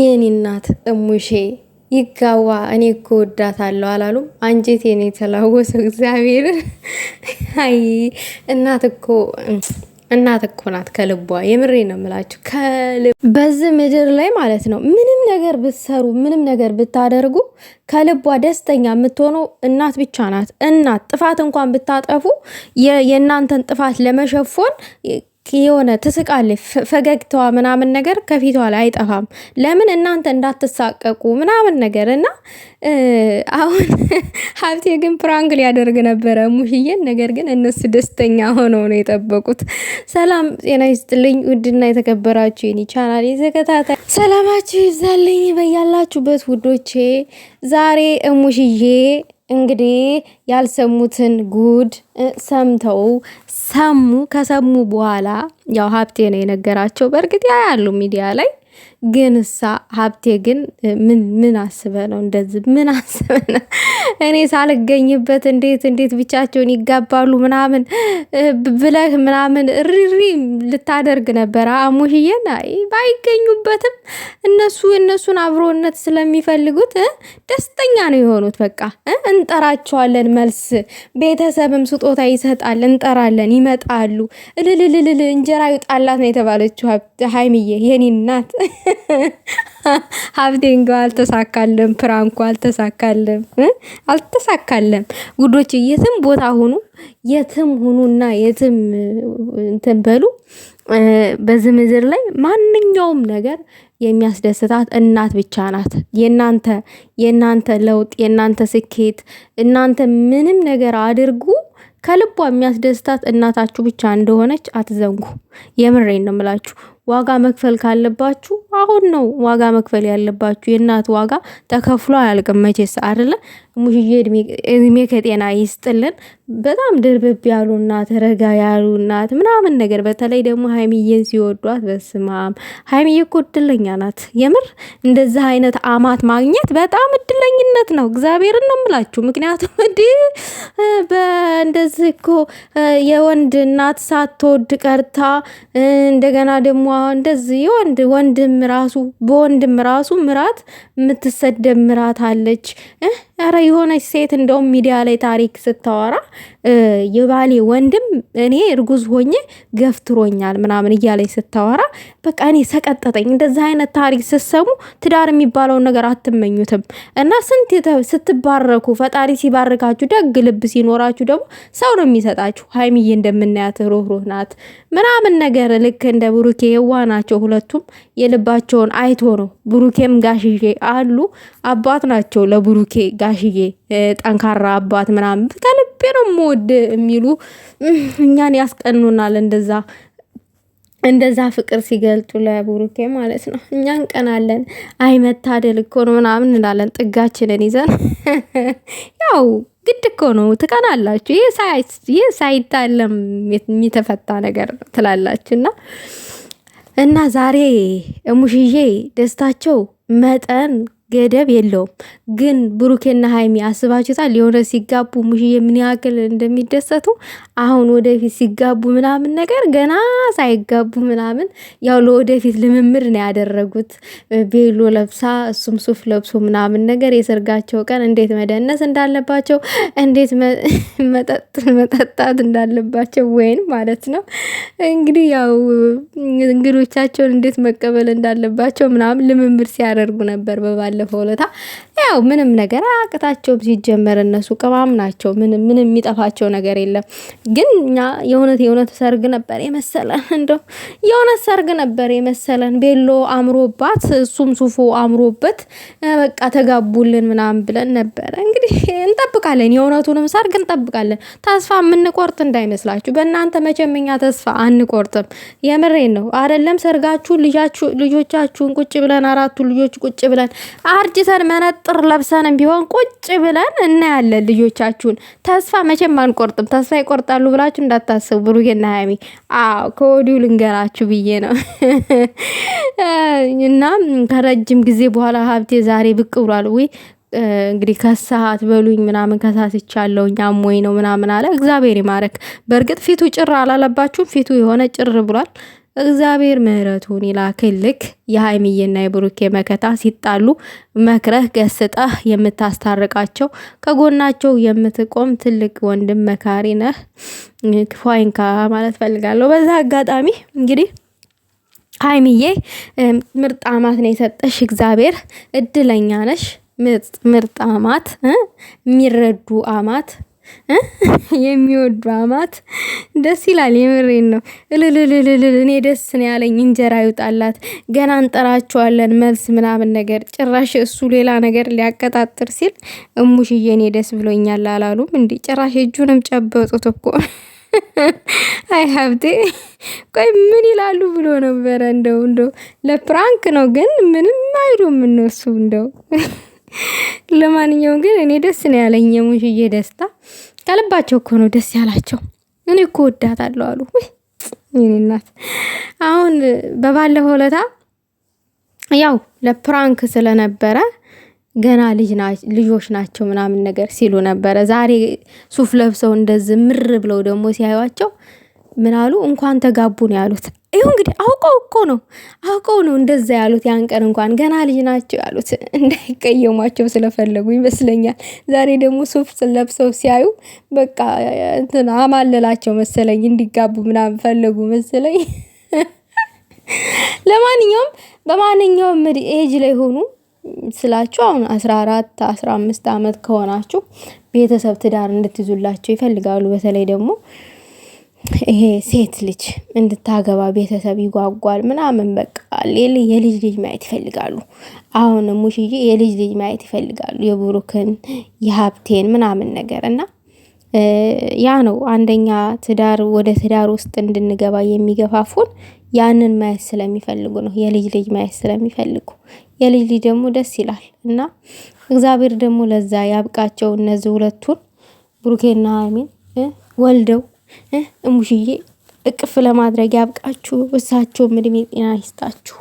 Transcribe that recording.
የኔ እናት እሙሼ ይጋዋ እኔ እኮ ወዳታለሁ አላሉም? አንጀቴን የተላወሰው እግዚአብሔር። አይ እናት እኮ እናት እኮ ናት ከልቧ። የምሬ ነው የምላችሁ በዚህ ምድር ላይ ማለት ነው። ምንም ነገር ብትሰሩ፣ ምንም ነገር ብታደርጉ ከልቧ ደስተኛ የምትሆነው እናት ብቻ ናት። እናት ጥፋት እንኳን ብታጠፉ የእናንተን ጥፋት ለመሸፎን የሆነ ትስቃለች ፈገግታዋ ምናምን ነገር ከፊቷ ላይ አይጠፋም። ለምን እናንተ እንዳትሳቀቁ ምናምን ነገር እና አሁን ሀብቴ ግን ፕራንክ ሊያደርግ ነበረ ሙሽዬን። ነገር ግን እነሱ ደስተኛ ሆነው ነው የጠበቁት። ሰላም ጤና ይስጥልኝ ውድና የተከበራችሁ የኔ ቻናል ተከታታይ ሰላማችሁ ይዛልኝ በያላችሁበት ውዶቼ። ዛሬ ሙሽዬ እንግዲህ ያልሰሙትን ጉድ ሰምተው ሰሙ። ከሰሙ በኋላ ያው ሀብቴ ነው የነገራቸው። በእርግጥ ያሉ ሚዲያ ላይ ግን እሳ ሀብቴ ግን ምን ምን አስበ ነው እንደዚህ ምን አስበ ነው? እኔ ሳልገኝበት እንዴት እንዴት ብቻቸውን ይጋባሉ ምናምን ብለህ ምናምን ሪሪ ልታደርግ ነበረ። አሙሽዬን ባይገኙበትም እነሱ እነሱን አብሮነት ስለሚፈልጉት ደስተኛ ነው የሆኑት። በቃ እንጠራቸዋለን፣ መልስ ቤተሰብም ስጦታ ይሰጣል፣ እንጠራለን፣ ይመጣሉ። እልልልልል እንጀራ ይውጣላት ነው የተባለችው ሀይምዬ የኔ እናት ሀብቴንጋ አልተሳካለም፣ ፕራንኩ አልተሳካለም፣ አልተሳካለም። ጉዶች የትም ቦታ ሁኑ፣ የትም ሁኑና የትም እንትን በሉ። በዚህ ምድር ላይ ማንኛውም ነገር የሚያስደስታት እናት ብቻ ናት። የናንተ የናንተ ለውጥ የናንተ ስኬት እናንተ ምንም ነገር አድርጉ ከልቧ የሚያስደስታት እናታችሁ ብቻ እንደሆነች አትዘንጉ። የምሬን ነው የምላችሁ። ዋጋ መክፈል ካለባችሁ አሁን ነው ዋጋ መክፈል ያለባችሁ። የእናት ዋጋ ተከፍሎ አያልቅም መቼስ አይደለ? ሙሽዬ እድሜ ከጤና ይስጥልን። በጣም ድርብብ ያሉ እናት፣ ረጋ ያሉ እናት ምናምን ነገር በተለይ ደግሞ ሀይሚዬን ሲወዷት በስማም። ሀይሚዬ እኮ እድለኛ ናት። የምር እንደዚህ አይነት አማት ማግኘት በጣም እድለኝነት ነው። እግዚአብሔርን ነው ምላችሁ ምክንያቱም እንዲህ በእንደዚህ እኮ የወንድ እናት ሳትወድ ቀርታ እንደገና ደግሞ እንደዚህ የወንድ ወንድም ራሱ በወንድም ራሱ ምራት የምትሰደብ ምራት አለች። ኧረ የሆነች ሴት እንደውም ሚዲያ ላይ ታሪክ ስታወራ የባሌ ወንድም እኔ እርጉዝ ሆኜ ገፍትሮኛል ምናምን እያለኝ ስታወራ በቃ እኔ ሰቀጠጠኝ። እንደዚህ አይነት ታሪክ ስትሰሙ ትዳር የሚባለውን ነገር አትመኙትም። እና ስንት ስትባረኩ ፈጣሪ ሲባርካችሁ ደግ ልብ ሲኖራችሁ ደግሞ ሰው ነው የሚሰጣችሁ። ሀይሚዬ እንደምናያት ሩህሩህ ናት ምናምን ነገር ልክ እንደ ብሩኬ የዋ ናቸው። ሁለቱም የልባቸውን አይቶ ነው ብሩኬም ጋሽዬ አሉ አባት ናቸው። ለብሩኬ ጋሽዬ ጠንካራ አባት ምናምን ከልቤ ነው የምወድ የሚሉ እኛን ያስቀኑናል። እንደዛ እንደዛ ፍቅር ሲገልጡ ለብሩኬ ማለት ነው። እኛ እንቀናለን። አይ መታደል እኮ ነው ምናምን እንላለን ጥጋችንን ይዘን ያው ግድ እኮ ነው ትቀናላችሁ። ይህ ሳይታለም የተፈታ ነገር ትላላችሁ እና እና ዛሬ እሙሽዬ ደስታቸው መጠን ገደብ የለውም። ግን ብሩኬና ሀይሚ አስባችሁታል? የሆነ ሲጋቡ ሙሽዬ ምን ያክል እንደሚደሰቱ አሁን ወደፊት ሲጋቡ ምናምን ነገር ገና ሳይጋቡ ምናምን ያው ለወደፊት ልምምድ ነው ያደረጉት። ቤሎ ለብሳ እሱም ሱፍ ለብሶ ምናምን ነገር የሰርጋቸው ቀን እንዴት መደነስ እንዳለባቸው፣ እንዴት መጠጥ መጠጣት እንዳለባቸው ወይን ማለት ነው እንግዲህ ያው እንግዶቻቸውን እንዴት መቀበል እንዳለባቸው ምናምን ልምምድ ሲያደርጉ ነበር በባለ ባለፈው ለታ ያው ምንም ነገር አያቅታቸውም። ሲጀመር እነሱ ቅማም ናቸው። ምንም ምንም የሚጠፋቸው ነገር የለም። ግን እኛ የእውነት የእውነት ሰርግ ነበር የመሰለን፣ እንደው የእውነት ሰርግ ነበር የመሰለን። ቤሎ አምሮባት እሱም ሱፎ አምሮበት በቃ ተጋቡልን ምናምን ብለን ነበረ። እንግዲህ እንጠብቃለን፣ የእውነቱንም ሰርግ እንጠብቃለን። ተስፋ የምንቆርጥ እንዳይመስላችሁ። በእናንተ መቼም እኛ ተስፋ አንቆርጥም። የምሬን ነው። አደለም ሰርጋችሁ ልጆቻችሁን ቁጭ ብለን አራቱ ልጆች ቁጭ ብለን አርጅተን መነጥር ለብሰንም ቢሆን ቁጭ ብለን እናያለን ልጆቻችሁን። ተስፋ መቼም አንቆርጥም። ተስፋ ይቆርጣሉ ብላችሁ እንዳታስቡ ብሩጌና ሀያሚ። አዎ ከወዲሁ ልንገራችሁ ብዬ ነው እና ከረጅም ጊዜ በኋላ ሀብቴ ዛሬ ብቅ ብሏል። ወይ እንግዲህ ከሰዓት በሉኝ ምናምን ከሳስቻለሁኝ ወይ ነው ምናምን አለ። እግዚአብሔር ይማረክ። በእርግጥ ፊቱ ጭር አላለባችሁም? ፊቱ የሆነ ጭር ብሏል። እግዚአብሔር ምሕረቱን ይላክልክ። የሀይሚዬና የብሩኬ መከታ ሲጣሉ መክረህ ገስጠህ የምታስታርቃቸው ከጎናቸው የምትቆም ትልቅ ወንድም መካሪ ነህ። ክፉ አይንካ ማለት ፈልጋለሁ። በዛ አጋጣሚ እንግዲህ ሀይሚዬ ምርጥ አማት ነው የሰጠሽ እግዚአብሔር። እድለኛ ነሽ። ምርጥ አማት፣ የሚረዱ አማት የሚወዱ አማት ደስ ይላል። የምሬን ነው። እልልልልል እኔ ደስ ነው ያለኝ። እንጀራ ይውጣላት። ገና እንጠራቸዋለን መልስ ምናምን ነገር። ጭራሽ እሱ ሌላ ነገር ሊያቀጣጥር ሲል እሙሽዬ እኔ ደስ ብሎኛል አላሉም እንዴ? ጭራሽ እጁንም ጨበጡት እኮ አይ ሀብቴ፣ ቆይ ምን ይላሉ ብሎ ነበረ። እንደው እንደው ለፕራንክ ነው ግን ምንም አይሉም እነሱ እንደው ለማንኛውም ግን እኔ ደስ ነው ያለኝ የሙሽዬ ደስታ። ከልባቸው እኮ ነው ደስ ያላቸው። እኔ እኮ ወዳታለሁ አሉ የኔ እናት። አሁን በባለፈው ለታ ያው ለፕራንክ ስለነበረ ገና ልጆች ናቸው ምናምን ነገር ሲሉ ነበረ። ዛሬ ሱፍ ለብሰው እንደዚህ ምር ብለው ደግሞ ሲያዩቸው ምን አሉ? እንኳን ተጋቡ ነው ያሉት። ይሁ እንግዲህ አውቀው እኮ ነው አውቀው ነው እንደዛ ያሉት። ያን ቀን እንኳን ገና ልጅ ናቸው ያሉት እንዳይቀየሟቸው ስለፈለጉ ይመስለኛል። ዛሬ ደግሞ ሱፍ ለብሰው ሲያዩ በቃ አማለላቸው መሰለኝ፣ እንዲጋቡ ምናምን ፈለጉ መሰለኝ። ለማንኛውም በማንኛውም ኤጅ ላይ ሆኑ ስላችሁ አሁን አስራ አራት አስራ አምስት አመት ከሆናችሁ ቤተሰብ ትዳር እንድትይዙላቸው ይፈልጋሉ። በተለይ ደግሞ ይሄ ሴት ልጅ እንድታገባ ቤተሰብ ይጓጓል ምናምን በቃ የልጅ ልጅ ማየት ይፈልጋሉ። አሁን ሙሽዬ የልጅ ልጅ ማየት ይፈልጋሉ የብሩክን የሀብቴን ምናምን ነገር እና ያ ነው አንደኛ ትዳር ወደ ትዳር ውስጥ እንድንገባ የሚገፋፉን ያንን ማየት ስለሚፈልጉ ነው። የልጅ ልጅ ማየት ስለሚፈልጉ የልጅ ልጅ ደግሞ ደስ ይላል እና እግዚአብሔር ደግሞ ለዛ ያብቃቸው እነዚህ ሁለቱን ብሩኬና ሀይሚን ወልደው እሙሽዬ እቅፍ ለማድረግ ያብቃችሁ። እሳቸውም እድሜ ጤና ይስጣችሁ።